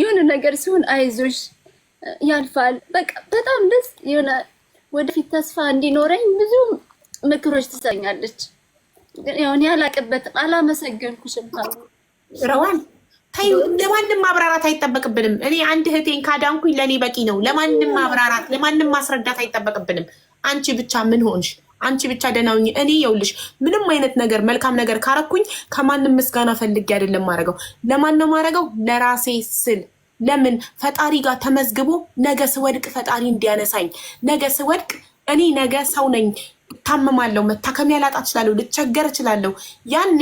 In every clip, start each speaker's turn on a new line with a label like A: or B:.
A: የሆነ ነገር ሲሆን አይዞሽ ያልፋል፣ በቃ በጣም ደስ የሆነ ወደፊት ተስፋ እንዲኖረኝ ብዙ ምክሮች ትሰኛለች። ያውን ያላቅበት አላመሰገንኩሽም።
B: ረዋን ለማንም ማብራራት አይጠበቅብንም። እኔ አንድ እህቴን ካዳንኩኝ ለእኔ በቂ ነው። ለማንም ማብራራት ለማንም ማስረዳት አይጠበቅብንም። አንቺ ብቻ ምን ሆንሽ አንቺ ብቻ ደህና ሁኚ። እኔ የውልሽ ምንም አይነት ነገር መልካም ነገር ካረኩኝ ከማንም ምስጋና ፈልጌ አይደለም ማድረገው። ለማን ነው ማድረገው? ለራሴ ስል ለምን ፈጣሪ ጋር ተመዝግቦ ነገ ስወድቅ ፈጣሪ እንዲያነሳኝ። ነገ ስወድቅ እኔ ነገ ሰው ነኝ፣ ታመማለሁ፣ መታከሚያ ላጣ እችላለሁ፣ ልቸገር እችላለሁ። ያኔ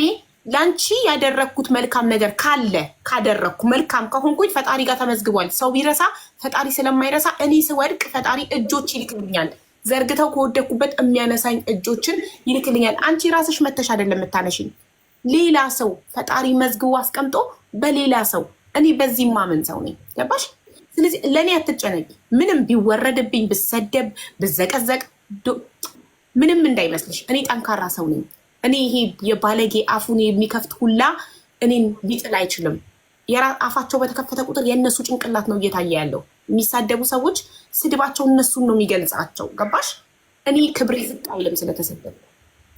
B: ለአንቺ ያደረግኩት መልካም ነገር ካለ ካደረግኩ መልካም ከሆንኩኝ ፈጣሪ ጋር ተመዝግቧል። ሰው ቢረሳ ፈጣሪ ስለማይረሳ እኔ ስወድቅ ፈጣሪ እጆች ይልክልኛል። ዘርግተው ከወደኩበት የሚያነሳኝ እጆችን ይልክልኛል። አንቺ ራስሽ መተሽ አይደለም የምታነሽኝ፣ ሌላ ሰው ፈጣሪ መዝግቡ አስቀምጦ በሌላ ሰው። እኔ በዚህ ማመን ሰው ነኝ። ገባሽ? ስለዚህ ለእኔ አትጨነቂ። ምንም ቢወረድብኝ፣ ብሰደብ፣ ብዘቀዘቅ ምንም እንዳይመስልሽ። እኔ ጠንካራ ሰው ነኝ። እኔ ይሄ የባለጌ አፉን የሚከፍት ሁላ እኔን ሊጥል አይችልም። አፋቸው በተከፈተ ቁጥር የእነሱ ጭንቅላት ነው እየታየ ያለው። የሚሳደቡ ሰዎች ስድባቸው እነሱን ነው የሚገልጻቸው። ገባሽ? እኔ ክብሬ ዝቅ አይልም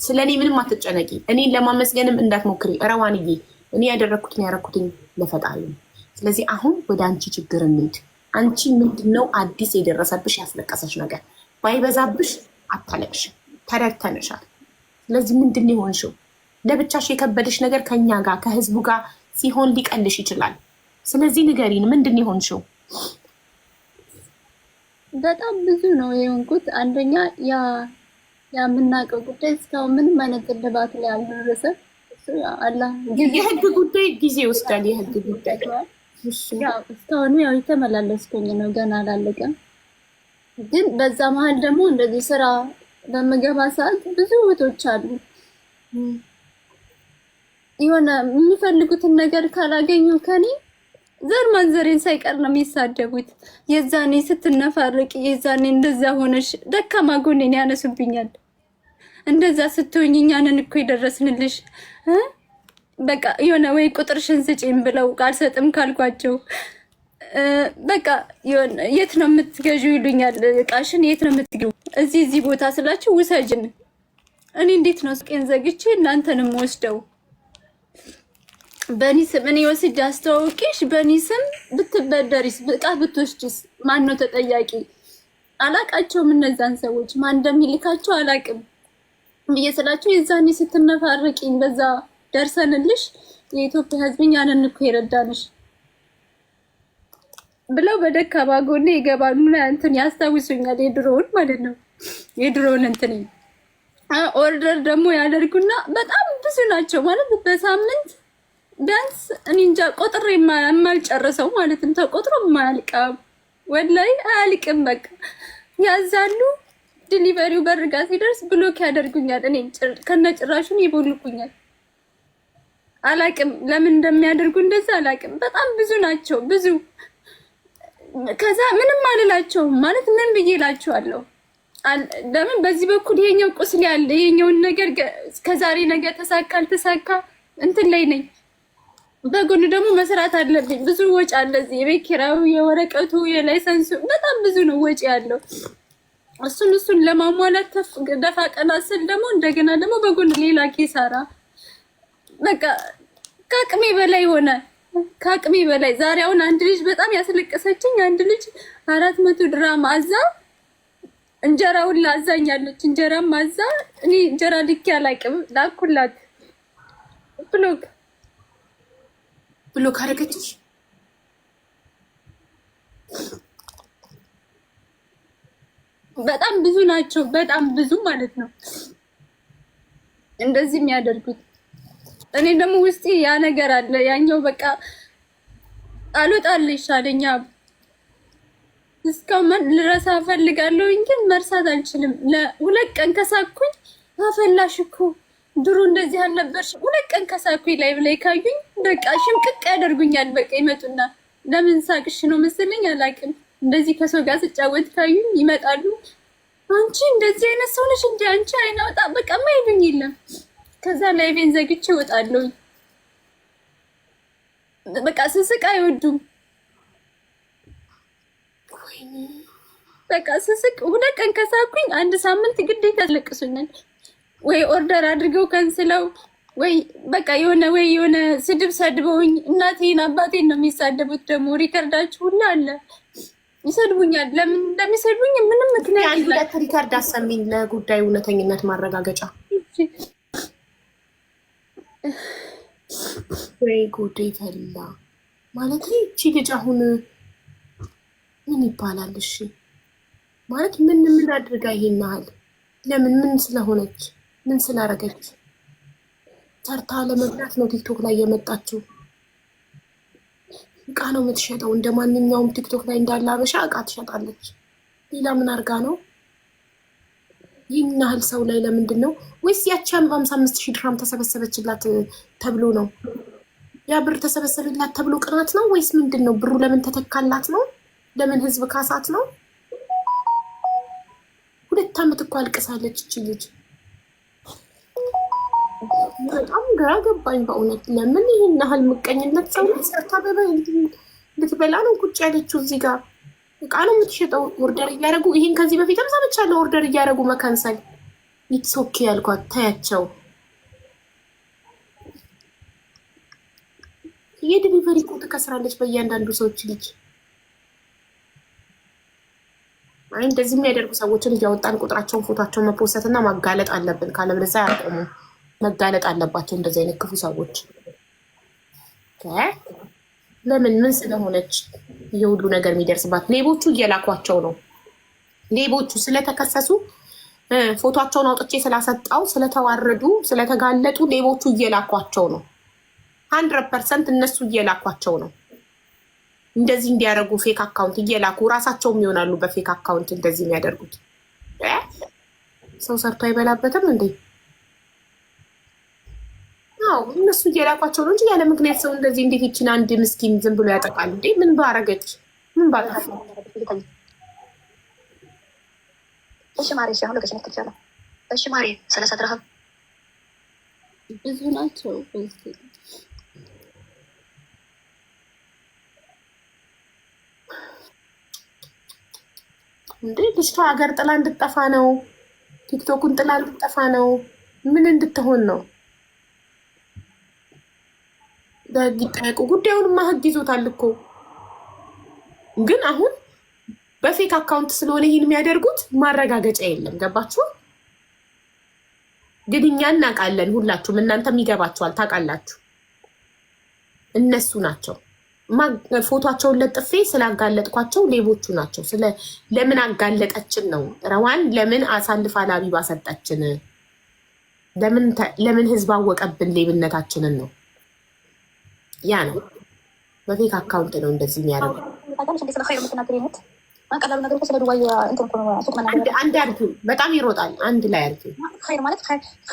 B: ስለ እኔ ምንም አትጨነቂ። እኔን ለማመስገንም እንዳትሞክሪ ረዋንዬ። እኔ ያደረግኩትን ያደረግኩትን ለፈጣሪ ነው። ስለዚህ አሁን ወደ አንቺ ችግር እንሂድ። አንቺ ምንድነው አዲስ የደረሰብሽ ያስለቀሰሽ ነገር? ባይበዛብሽ አታለቅሽ፣ ተረድተንሻል። ስለዚህ ምንድን ነው የሆንሽው? ለብቻሽ የከበደሽ ነገር ከኛ ጋር ከህዝቡ ጋር ሲሆን ሊቀልሽ ይችላል። ስለዚህ ንገሪን፣ ምንድን የሆንሽው?
A: በጣም ብዙ ነው የሆንኩት። አንደኛ ያ የምናውቀው ጉዳይ እስካሁን ምንም አይነት እልባት ላይ አልደረሰም።
B: የህግ ጉዳይ ጊዜ ይወስዳል። የህግ ጉዳይ
A: እስካሁኑ ያው የተመላለስኩኝ ነው፣ ገና አላለቀም። ግን በዛ መሀል ደግሞ እንደዚህ ስራ በምገባ ሰዓት ብዙ እህቶች አሉ የሆነ የሚፈልጉትን ነገር ካላገኙ ከኔ ዘር ማንዘሬን ሳይቀር ነው የሚሳደቡት። የዛኔ ስትነፋርቅ፣ የዛኔ እንደዛ ሆነሽ ደካማ ጎኔን ያነሱብኛል። እንደዛ ስትሆኝ እኛንን እኮ የደረስንልሽ በቃ የሆነ ወይ ቁጥርሽን ስጪን ብለው አልሰጥም ካልኳቸው በቃ የት ነው የምትገዡ ይሉኛል። እቃሽን የት ነው የምትገ እዚህ እዚህ ቦታ ስላችሁ ውሰጅን። እኔ እንዴት ነው ስቄን ዘግቼ እናንተንም ወስደው በእኔ ስም እኔ ወስጄ አስተዋውቄሽ በእኔ ስም ብትበደሪስ ዕቃ ብትወስጂስ ማን ነው ተጠያቂ? አላቃቸውም እነዛን ሰዎች ማን እንደሚልካቸው አላቅም ብዬ ስላቸው የዛኔ ስትነፋርቂኝ በዛ ደርሰንልሽ የኢትዮጵያ ሕዝብኝ ያንን እኮ የረዳንሽ ብለው በደካማ ጎኔ ይገባሉ። እንትን ያስታውሱኛል፣ የድሮውን ማለት ነው የድሮውን እንትን ኦርደር ደግሞ ያደርጉና በጣም ብዙ ናቸው ማለት በሳምንት ቢያንስ እኔ እንጃ ቆጥሬ የማልጨርሰው ነው። ተቆጥሮ የማያልቀው ወላይ አያልቅም። በቃ ያዛሉ ዲሊቨሪው በርጋ ሲደርስ ብሎክ ያደርጉኛል። እኔ ከነጭራሹን ይቦልኩኛል። አላቅም ለምን እንደሚያደርጉ እንደዛ አላቅም። በጣም ብዙ ናቸው ብዙ። ከዛ ምንም አልላቸውም ማለት ምን ብዬ እላቸዋለሁ? ለምን በዚህ በኩል ይሄኛው ቁስል ያለ ይሄኛውን ነገር ከዛሬ ተሳካል ተሳካ አልተሳካ እንትን ላይ ነኝ በጎን ደግሞ መስራት አለብኝ። ብዙ ወጪ አለ እዚህ የቤት ኪራዩ፣ የወረቀቱ፣ የላይሰንሱ በጣም ብዙ ነው ወጪ ያለው። እሱን እሱን ለማሟላት ደፋ ቀና ስል ደግሞ እንደገና ደግሞ በጎን ሌላ ኪሳራ። በቃ ከአቅሜ በላይ ሆነ። ከአቅሜ በላይ ዛሬ አሁን አንድ ልጅ በጣም ያስለቀሰችኝ አንድ ልጅ አራት መቶ ድራም አዛ እንጀራውን ላዛኛለች እንጀራም አዛ እኔ እንጀራ ልኬ አላውቅም ላኩላት ብሎግ
B: ብሎ ካረገችሽ
A: በጣም ብዙ ናቸው። በጣም ብዙ ማለት ነው እንደዚህ የሚያደርጉት። እኔ ደግሞ ውስጤ ያ ነገር አለ። ያኛው በቃ አልወጣልሽ አለኛ። እስካሁን ልረሳ እፈልጋለሁ፣ ግን መርሳት አልችልም። ለሁለት ቀን ከሳኩኝ አፈላሽ እኮ ድሮ እንደዚህ አልነበርሽ። ሁለት ቀን ከሳኩ ላይ ላይ ካዩኝ በቃ ሽምቅቅ ያደርጉኛል። በቃ ይመጡና ለምን ሳቅሽ ነው መሰለኝ አላውቅም። እንደዚህ ከሰው ጋር ስጫወት ካዩኝ ይመጣሉ። አንቺ እንደዚህ አይነት ሰው ነሽ እንደ አንቺ አይና ወጣ በቃ ማይሉኝ የለም። ከዛ ቤን ዘግቼ እወጣለሁ። በቃ ስስቅ አይወዱም። በቃ ስስቅ ሁለት ቀን ከሳኩኝ አንድ ሳምንት ግዴታ ያስለቅሱኛል። ወይ ኦርደር አድርገው ከንስለው ወይ በቃ የሆነ ወይ የሆነ ስድብ ሰድበውኝ እናቴን አባቴን ነው የሚሳደቡት። ደግሞ ሪከርዳችሁ ሁላ አለ ይሰድቡኛል። ለምን እንደሚሰድቡኝ ምንም ምክንያት
B: ሁለት ሪከርድ አሰሚኝ ለጉዳዩ እውነተኝነት ማረጋገጫ። ወይ ጉዴ ፈላ ማለት ይቺ ልጅ አሁን ምን ይባላል? እሺ ማለት ምን ምን አድርጋ ይሄን ያህል ለምን ምን ስለሆነች ምን ስላደረገች ሰርታ ለመብላት ነው ቲክቶክ ላይ የመጣችው። እቃ ነው የምትሸጠው። እንደ ማንኛውም ቲክቶክ ላይ እንዳለ አበሻ እቃ ትሸጣለች። ሌላ ምን አድርጋ ነው? ይህን ያህል ሰው ላይ ለምንድን ነው? ወይስ ያቺ አምሳ አምስት ሺህ ድራም ተሰበሰበችላት ተብሎ ነው? ያ ብር ተሰበሰበላት ተብሎ ቅናት ነው ወይስ ምንድን ነው? ብሩ ለምን ተተካላት ነው? ለምን ህዝብ ካሳት ነው? ሁለት ዓመት እኮ አልቅሳለች እች ልጅ። በጣም ግራ ገባኝ በእውነት ለምን ይህን ያህል ምቀኝነት ሰው ሰርታ እንድትበላ ነው ቁጭ ያለችው እዚህ ጋር እቃ ነው የምትሸጠው ኦርደር እያደረጉ ይህን ከዚህ በፊትም ሰምቻለሁ ኦርደር እያደረጉ መከንሰል ኢትስ ኦኬ ያልኳት ታያቸው የዲሊቨሪ ቁጥ ከስራለች በእያንዳንዱ ሰዎች ልጅ አይ እንደዚህ የሚያደርጉ ሰዎችን እያወጣን ቁጥራቸውን ፎቷቸውን መፖሰት እና ማጋለጥ አለብን ካለበለዚያ አያቆሙም መጋለጥ አለባቸው እንደዚህ አይነት ክፉ ሰዎች። ለምን ምን ስለሆነች የሁሉ ነገር የሚደርስባት? ሌቦቹ እየላኳቸው ነው። ሌቦቹ ስለተከሰሱ ፎቶቸውን አውጥቼ ስላሰጣው ስለተዋረዱ ስለተጋለጡ ሌቦቹ እየላኳቸው ነው። ሀንድረድ ፐርሰንት እነሱ እየላኳቸው ነው። እንደዚህ እንዲያደርጉ ፌክ አካውንት እየላኩ ራሳቸውም ይሆናሉ በፌክ አካውንት እንደዚህ የሚያደርጉት። ሰው ሰርቶ አይበላበትም እንዴ? አዎ እነሱ እየላኳቸው ነው እንጂ ያለ ምክንያት ሰው እንደዚህ እንዴት ይችን አንድ ምስኪን ዝም ብሎ ያጠቃል እንዴ? ምን ባረገች? ምን ባረገች? እሺ ማሬ፣ እሺ አሁን ሎኬሽን ትችላለህ። እሺ ማሬ፣ ሰላሳ ድርሃም
A: ብዙ ናቸው።
B: እንዴ ልጅቷ ሀገር ጥላ እንድጠፋ ነው። ቲክቶኩን ጥላ እንድጠፋ ነው። ምን እንድትሆን ነው? በህግ ይጠየቁ። ጉዳዩንማ ህግ ይዞታል እኮ ግን አሁን በፌክ አካውንት ስለሆነ ይህን የሚያደርጉት ማረጋገጫ የለም። ገባችሁ? ግን እኛ እናውቃለን፣ ሁላችሁም እናንተም ይገባችኋል፣ ታውቃላችሁ። እነሱ ናቸው ፎቷቸውን ለጥፌ ስላጋለጥኳቸው ሌቦቹ ናቸው። ለምን አጋለጠችን ነው ረዋን ለምን አሳልፋ ለአቢባ ሰጠችን? ለምን ህዝብ አወቀብን ሌብነታችንን ነው ያ ነው። በፌክ አካውንት ነው እንደዚህ የሚያደርገው። አንድ አልኩ በጣም ይሮጣል። አንድ ላይ አልኩ
A: ኸይር ማለት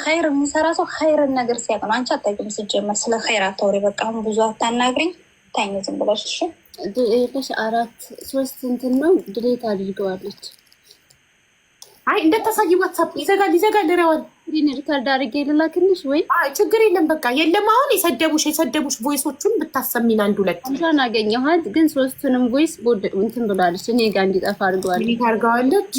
A: ኸይር የሚሰራ ሰው ኸይርን ነገር ሲያውቅ ነው። አንቺ አታውቂም ሲጀመር። ስለ ኸይር አታውሪ። በቃ አሁን ብዙ አታናግሪኝ። ታኝ ዝም ብለሽ እሺ። አራት ሶስት እንትን ነው ድሌት አድርገዋለች።
B: አይ እንደታሳይ ዋትሳፕ ይዘጋል፣ ይዘጋል ሪያዋል
A: ስክሪን ሪከርድ አድርጌ ልላክልሽ ወይ?
B: ችግር የለም በቃ የለም። አሁን የሰደቡሽ የሰደቡሽ ቮይሶቹን ብታሰሚን አንድ ሁለት
A: እንኳን አገኘኋት፣ ግን ሶስቱንም ቮይስ እንትን ብላለች እኔ ጋር እንዲጠፋ አድርገዋለች
B: አድርገዋለች